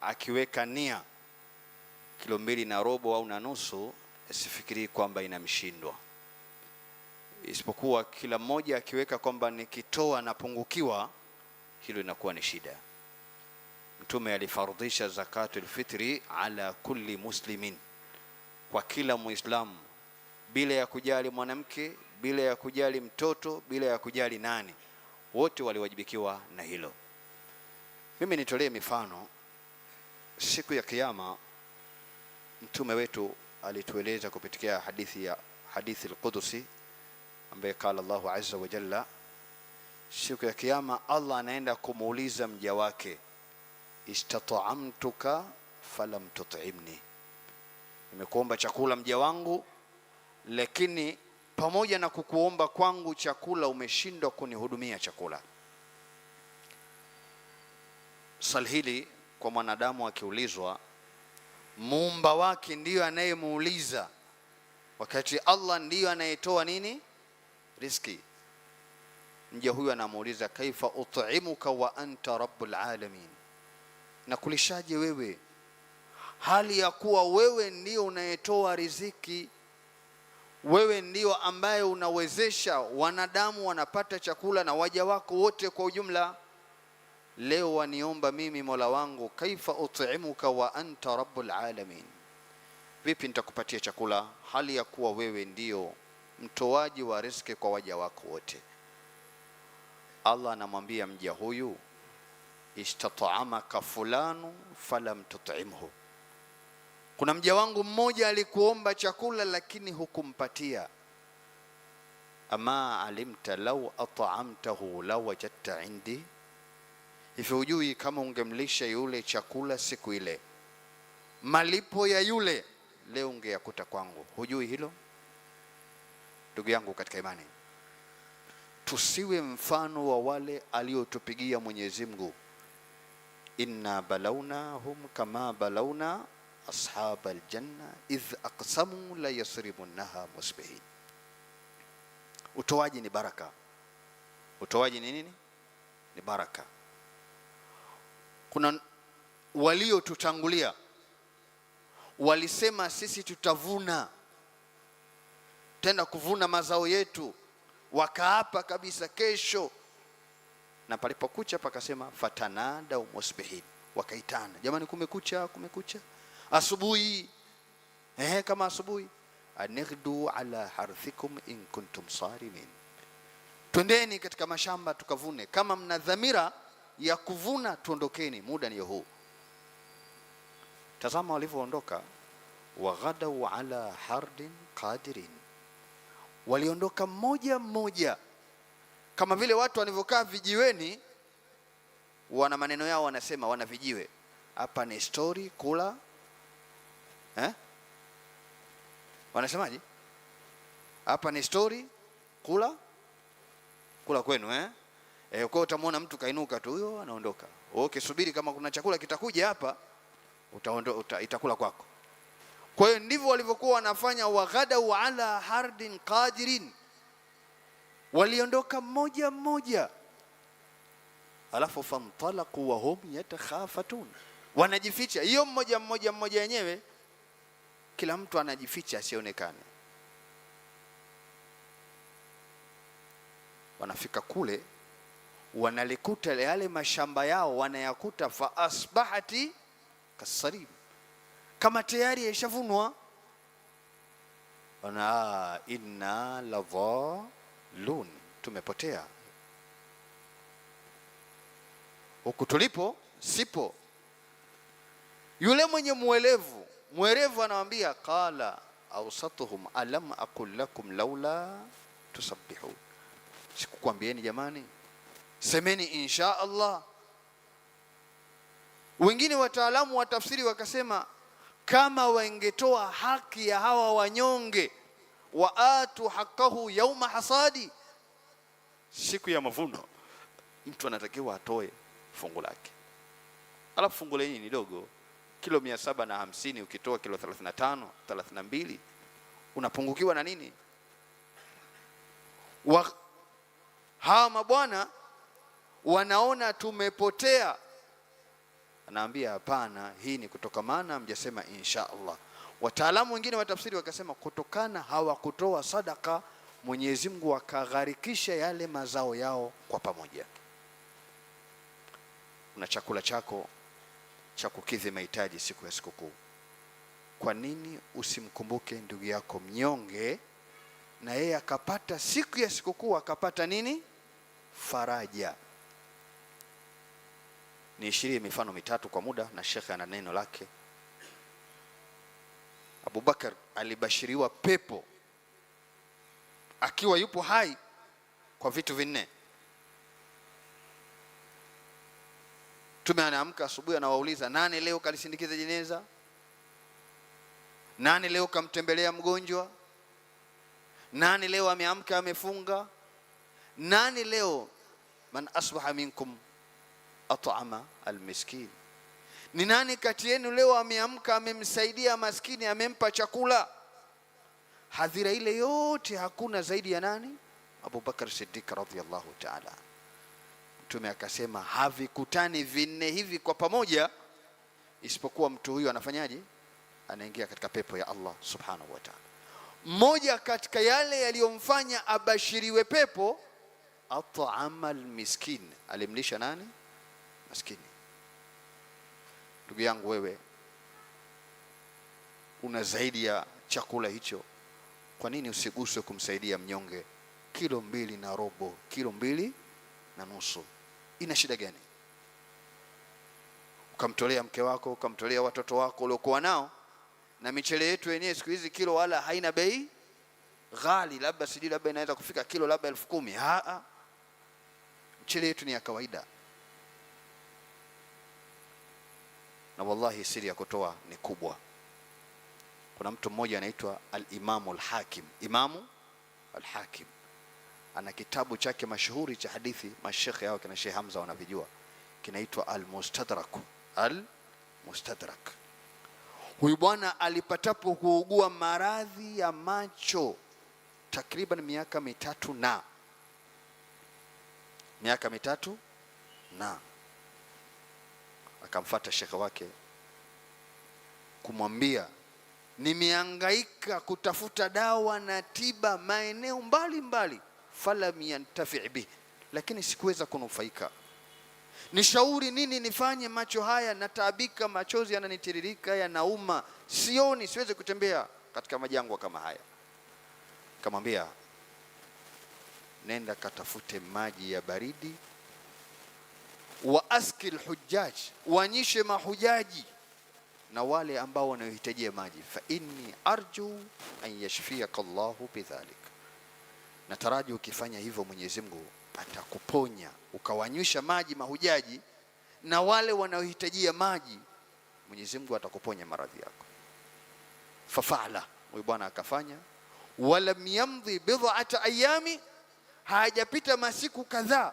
akiweka nia kilo mbili na robo au na nusu, sifikirii kwamba inamshindwa, isipokuwa kila mmoja akiweka kwamba nikitoa napungukiwa, hilo inakuwa ni shida. Mtume alifardhisha zakatul fitri ala kulli muslimin, kwa kila Muislamu bila ya kujali mwanamke, bila ya kujali mtoto, bila ya kujali nani, wote waliwajibikiwa na hilo. Mimi nitolee mifano Siku ya Kiyama mtume wetu alitueleza kupitia hadithi ya hadithi al-Qudsi ambaye kala Allahu azza wa jalla, siku ya Kiyama Allah anaenda kumuuliza mja wake, istata'amtuka falam tut'imni, nimekuomba chakula mja wangu, lakini pamoja na kukuomba kwangu chakula umeshindwa kunihudumia chakula. salhili hili kwa mwanadamu akiulizwa, muumba wake ndiyo anayemuuliza, wakati Allah ndiyo anayetoa nini riski. Mja huyu anamuuliza kaifa ut'imuka wa anta rabbul alamin, nakulishaje wewe hali ya kuwa wewe ndio unayetoa riziki, wewe ndio ambaye unawezesha wanadamu wanapata chakula na waja wako wote kwa ujumla leo waniomba mimi Mola wangu, kaifa utimuka wa anta rabbul alamin, vipi nitakupatia chakula hali ya kuwa wewe ndiyo mtoaji wa riski kwa waja wako wote. Allah anamwambia mja huyu, istataamaka fulanu falam tutimhu, kuna mja wangu mmoja alikuomba chakula lakini hukumpatia. Ama alimta lau ataamtahu lawajadta indi Hivyo hujui kama ungemlisha yule chakula siku ile, malipo ya yule leo ungeyakuta kwangu. Hujui hilo ndugu yangu katika imani. Tusiwe mfano wa wale aliotupigia Mwenyezi Mungu, inna balaunahum kama balauna ashaba aljanna idh aqsamu la yasrimunnaha musbihin. Utoaji ni baraka. Utoaji ni nini? Ni baraka kuna waliotutangulia walisema sisi tutavuna tenda kuvuna mazao yetu, wakaapa kabisa kesho, na palipokucha pakasema fatanada musbihin, wakaitana jamani, kumekucha, kumekucha, asubuhi ehe, kama asubuhi, anighdu ala harthikum in kuntum sarimin twendeni katika mashamba tukavune kama mna dhamira ya kuvuna, tuondokeni, muda ndiyo huu. Tazama walivyoondoka, waghadau ala hardin qadirin, waliondoka mmoja mmoja, kama vile watu wanavyokaa vijiweni, wana maneno yao, wanasema wana vijiwe hapa ni story kula eh? Wanasemaje? hapa ni stori kula kula kwenu eh? Eh, kwa utamwona mtu kainuka tu huyo anaondoka. Wewe ukisubiri kama kuna chakula kitakuja hapa utaondo, uta, itakula kwako. Kwa hiyo ndivyo walivyokuwa wanafanya waghadau ala hardin qadirin. Waliondoka mmoja mmoja. Alafu famtalaqu wa hum yatakhafatun. Wanajificha. Hiyo mmoja mmoja mmoja yenyewe kila mtu anajificha asionekane. Wanafika kule wanalikuta yale mashamba yao wanayakuta, fa asbahati kasarim, kama tayari yashavunwa. Ana inna ladhalun, tumepotea huku tulipo sipo. Yule mwenye mwelevu mwerevu anawambia, qala ausatuhum alam aqul lakum laula tusabbihu, sikukwambieni jamani semeni insha Allah. Wengine wataalamu wa tafsiri wakasema kama wangetoa haki ya hawa wanyonge, waatu hakahu yauma hasadi, siku ya mavuno mtu anatakiwa atoe fungu lake. Alafu fungu lenye ni dogo, kilo mia saba na hamsini. Ukitoa kilo 35 32 unapungukiwa na nini? Wa hawa mabwana wanaona tumepotea. Anaambia hapana, hii ni kutoka maana mjasema insha Allah. Wataalamu wengine wa tafsiri wakasema kutokana hawakutoa sadaka, Mwenyezi Mungu akagharikisha yale mazao yao kwa pamoja. Una chakula chako cha kukidhi mahitaji siku ya sikukuu. Kwa nini usimkumbuke ndugu yako mnyonge, na yeye akapata siku ya sikukuu akapata nini? Faraja niishirie mifano mitatu kwa muda, na shekhe ana neno lake. Abubakar alibashiriwa pepo akiwa yupo hai kwa vitu vinne. Mtume anaamka asubuhi, anawauliza nani leo kalisindikiza jeneza? Nani leo kamtembelea mgonjwa? Nani leo ameamka amefunga? Nani leo man asbaha minkum at'ama almiskin. Ni nani kati yenu leo ameamka amemsaidia maskini amempa chakula? Hadhira ile yote hakuna zaidi ya nani? Abubakar Siddiq radhiyallahu ta'ala. Mtume akasema havikutani vinne hivi kwa pamoja, isipokuwa mtu huyu anafanyaje? Anaingia katika pepo ya Allah subhanahu wa ta'ala. Mmoja katika yale yaliyomfanya abashiriwe pepo, at'ama almiskin, alimlisha nani? maskini. Ndugu yangu wewe una zaidi ya chakula hicho, kwa nini usiguswe kumsaidia mnyonge? Kilo mbili na robo, kilo mbili na nusu, ina shida gani? Ukamtolea mke wako, ukamtolea watoto wako uliokuwa nao. Na michele yetu yenyewe siku hizi kilo wala haina bei ghali, labda sijui, labda inaweza kufika kilo labda elfu kumi. Ah, mchele yetu ni ya kawaida. na wallahi siri ya kutoa ni kubwa. Kuna mtu mmoja anaitwa Alimamu Alhakim, Imamu Alhakim ana kitabu chake mashuhuri cha hadithi, mashekhe hao kina Sheikh Hamza wanavijua, kinaitwa al mustadrak huyu bwana alipatapo kuugua maradhi ya macho takriban miaka mitatu na miaka mitatu na akamfata shekhe wake kumwambia, nimehangaika kutafuta dawa na tiba maeneo mbalimbali, falam yantafii bihi, lakini sikuweza kunufaika. Nishauri nini? Nifanye? macho haya nataabika, machozi yananitiririka, yanauma, sioni, siwezi kutembea katika majangwa kama haya. Kamwambia, nenda katafute maji ya baridi wa aski lhujaj, wanyishe mahujaji na wale ambao wanaohitajia maji. Fa inni arju an yashfiaka llahu bidhalik, nataraji ukifanya hivyo Mwenyezi Mungu atakuponya ukawanywisha maji mahujaji na wale wanaohitajia maji, Mwenyezi Mungu atakuponya maradhi yako. Fafala, huyu bwana akafanya. Walam yamdhi bidhaata ayami, hajapita masiku kadhaa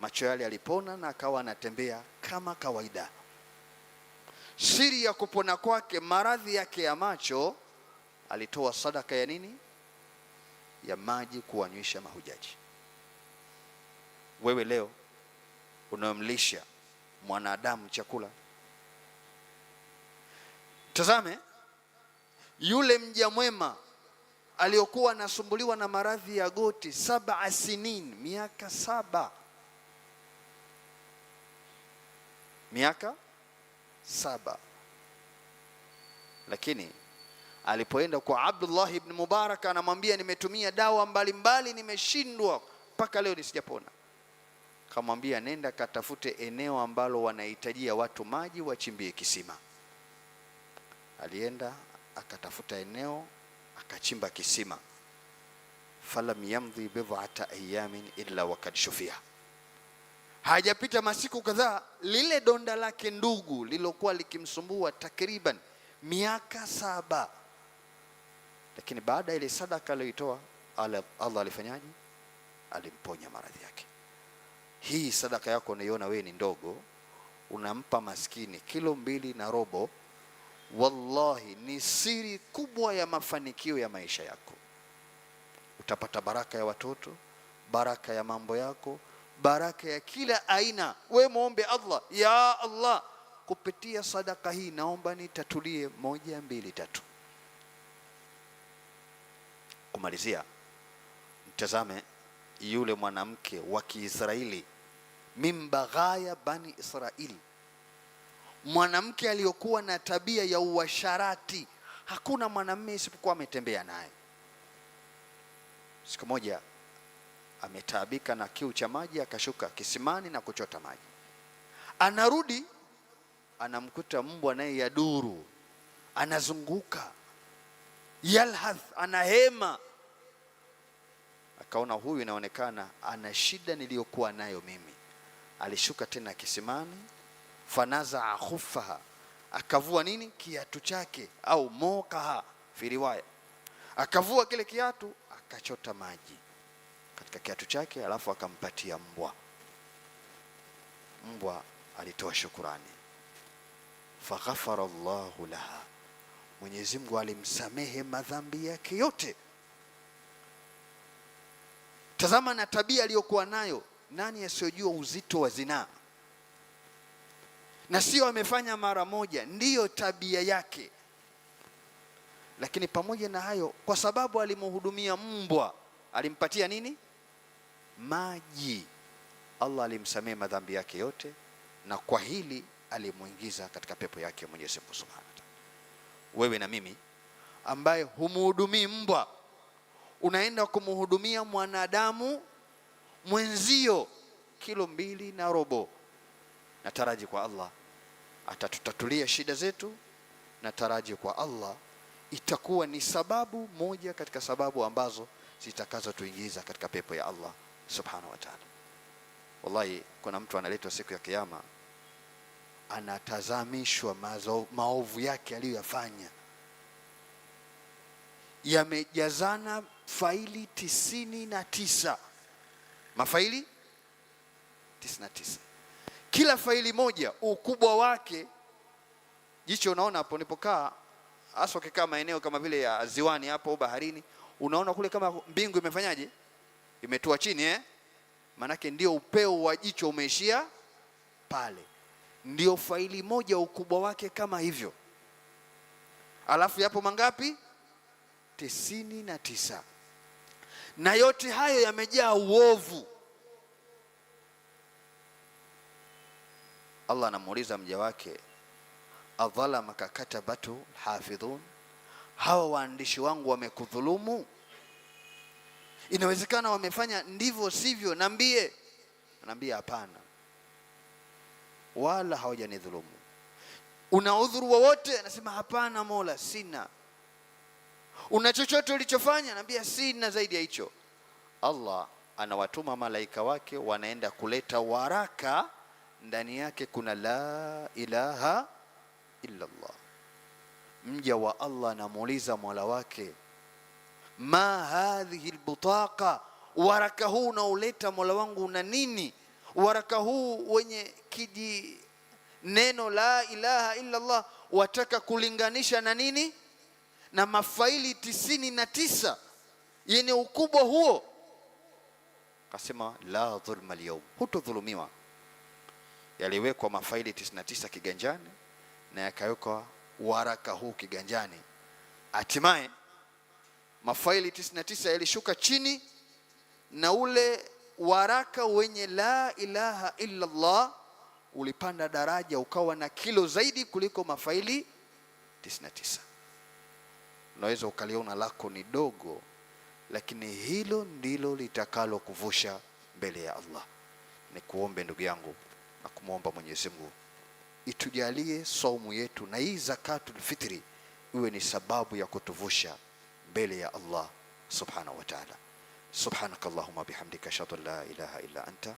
macho yale yalipona na akawa anatembea kama kawaida. Siri ya kupona kwake maradhi yake ya macho, alitoa sadaka ya nini? Ya maji kuwanywisha mahujaji. Wewe leo unayomlisha mwanadamu chakula, tazame yule mja mwema aliyokuwa anasumbuliwa na maradhi ya goti saba asinin, miaka saba miaka saba, lakini alipoenda kwa Abdullah ibn Mubarak anamwambia, nimetumia dawa mbalimbali, nimeshindwa mpaka leo nisijapona. Kamwambia, nenda katafute eneo ambalo wanahitajia watu maji, wachimbie kisima. Alienda akatafuta eneo akachimba kisima, falam yamdhi bidhata ayamin illa wakad shufia Hajapita masiku kadhaa, lile donda lake ndugu lilokuwa likimsumbua takriban miaka saba, lakini baada ya ile sadaka aliyoitoa Allah alifanyaje? Alimponya maradhi yake. Hii sadaka yako unaiona wewe ni ndogo, unampa maskini kilo mbili na robo, wallahi ni siri kubwa ya mafanikio ya maisha yako. Utapata baraka ya watoto, baraka ya mambo yako baraka ya kila aina. We muombe Allah, ya Allah, kupitia sadaka hii naomba nitatulie moja mbili tatu. Kumalizia, mtazame yule mwanamke wa Kiisraeli, mimbaghaya bani Israeli, mwanamke aliyokuwa na tabia ya uasharati, hakuna mwanamume isipokuwa ametembea naye. Siku moja ametaabika na kiu cha maji, akashuka kisimani na kuchota maji. Anarudi anamkuta mbwa naye yaduru, anazunguka yalhath, anahema. Akaona huyu inaonekana ana shida niliyokuwa nayo mimi. Alishuka tena kisimani, fanazaa khuffaha, akavua nini kiatu chake au mokaha fi riwaya, akavua kile kiatu akachota maji katika kiatu chake, alafu akampatia mbwa. Mbwa alitoa shukurani, faghafara Allahu laha, Mwenyezi Mungu alimsamehe madhambi yake yote. Tazama na tabia aliyokuwa nayo. Nani asiyojua uzito wa zinaa? Na sio amefanya mara moja, ndiyo tabia yake. Lakini pamoja na hayo, kwa sababu alimhudumia mbwa, alimpatia nini? maji, Allah alimsamehe madhambi yake yote, na kwa hili alimwingiza katika pepo yake Mwenyezi Mungu Subhanahu wa Ta'ala. Wewe na mimi ambaye humuhudumii mbwa, unaenda kumhudumia mwanadamu mwenzio kilo mbili na robo. na taraji kwa Allah atatutatulia shida zetu, na taraji kwa Allah itakuwa ni sababu moja katika sababu ambazo zitakazotuingiza katika pepo ya Allah subhanahu wa ta'ala. Wallahi, kuna mtu analetwa siku ya Kiyama anatazamishwa maovu yake aliyoyafanya yamejazana faili tisini na tisa mafaili tisini na tisa kila faili moja ukubwa wake jicho. Unaona hapo nilipokaa, hasa ukikaa maeneo kama vile ya ziwani hapo baharini, unaona kule kama mbingu imefanyaje imetua chini eh? Maanake ndio upeo wa jicho umeishia pale. Ndio faili moja ukubwa wake kama hivyo, alafu yapo mangapi? tisini na tisa. Na yote hayo yamejaa uovu. Allah anamuuliza mja wake, adhalamaka katabatu hafidhun, hawa waandishi wangu wamekudhulumu? inawezekana wamefanya ndivyo sivyo, naambie Anaambia hapana, wala hawajanidhulumu. Una udhuru wowote? Anasema hapana, Mola, sina. Una chochote ulichofanya? Anaambia sina zaidi ya hicho. Allah anawatuma malaika wake, wanaenda kuleta waraka, ndani yake kuna la ilaha illa Allah. Mja wa Allah anamuuliza mola wake ma hadhihi lbutaqa, waraka huu unaoleta mola wangu una nini? Waraka huu wenye kiji neno la ilaha illa Allah wataka kulinganisha na nini? Na mafaili tisini na tisa yenye ukubwa huo. Kasema la dhulma lyaum, hutodhulumiwa. Yaliwekwa mafaili 99 kiganjani na yakawekwa waraka huu kiganjani, hatimaye mafaili 99 yalishuka chini na ule waraka wenye la ilaha illa Allah ulipanda daraja ukawa na kilo zaidi kuliko mafaili 99. Unaweza ukaliona lako ni dogo, lakini hilo ndilo litakalo kuvusha mbele ya Allah. Ni kuombe ndugu yangu na kumwomba Mwenyezi Mungu itujalie saumu yetu na hii zakatul fitri iwe ni sababu ya kutuvusha mbele ya Allah subhanahu wa ta'ala. Subhanakallahumma bihamdika ashhadu an la ilaha illa anta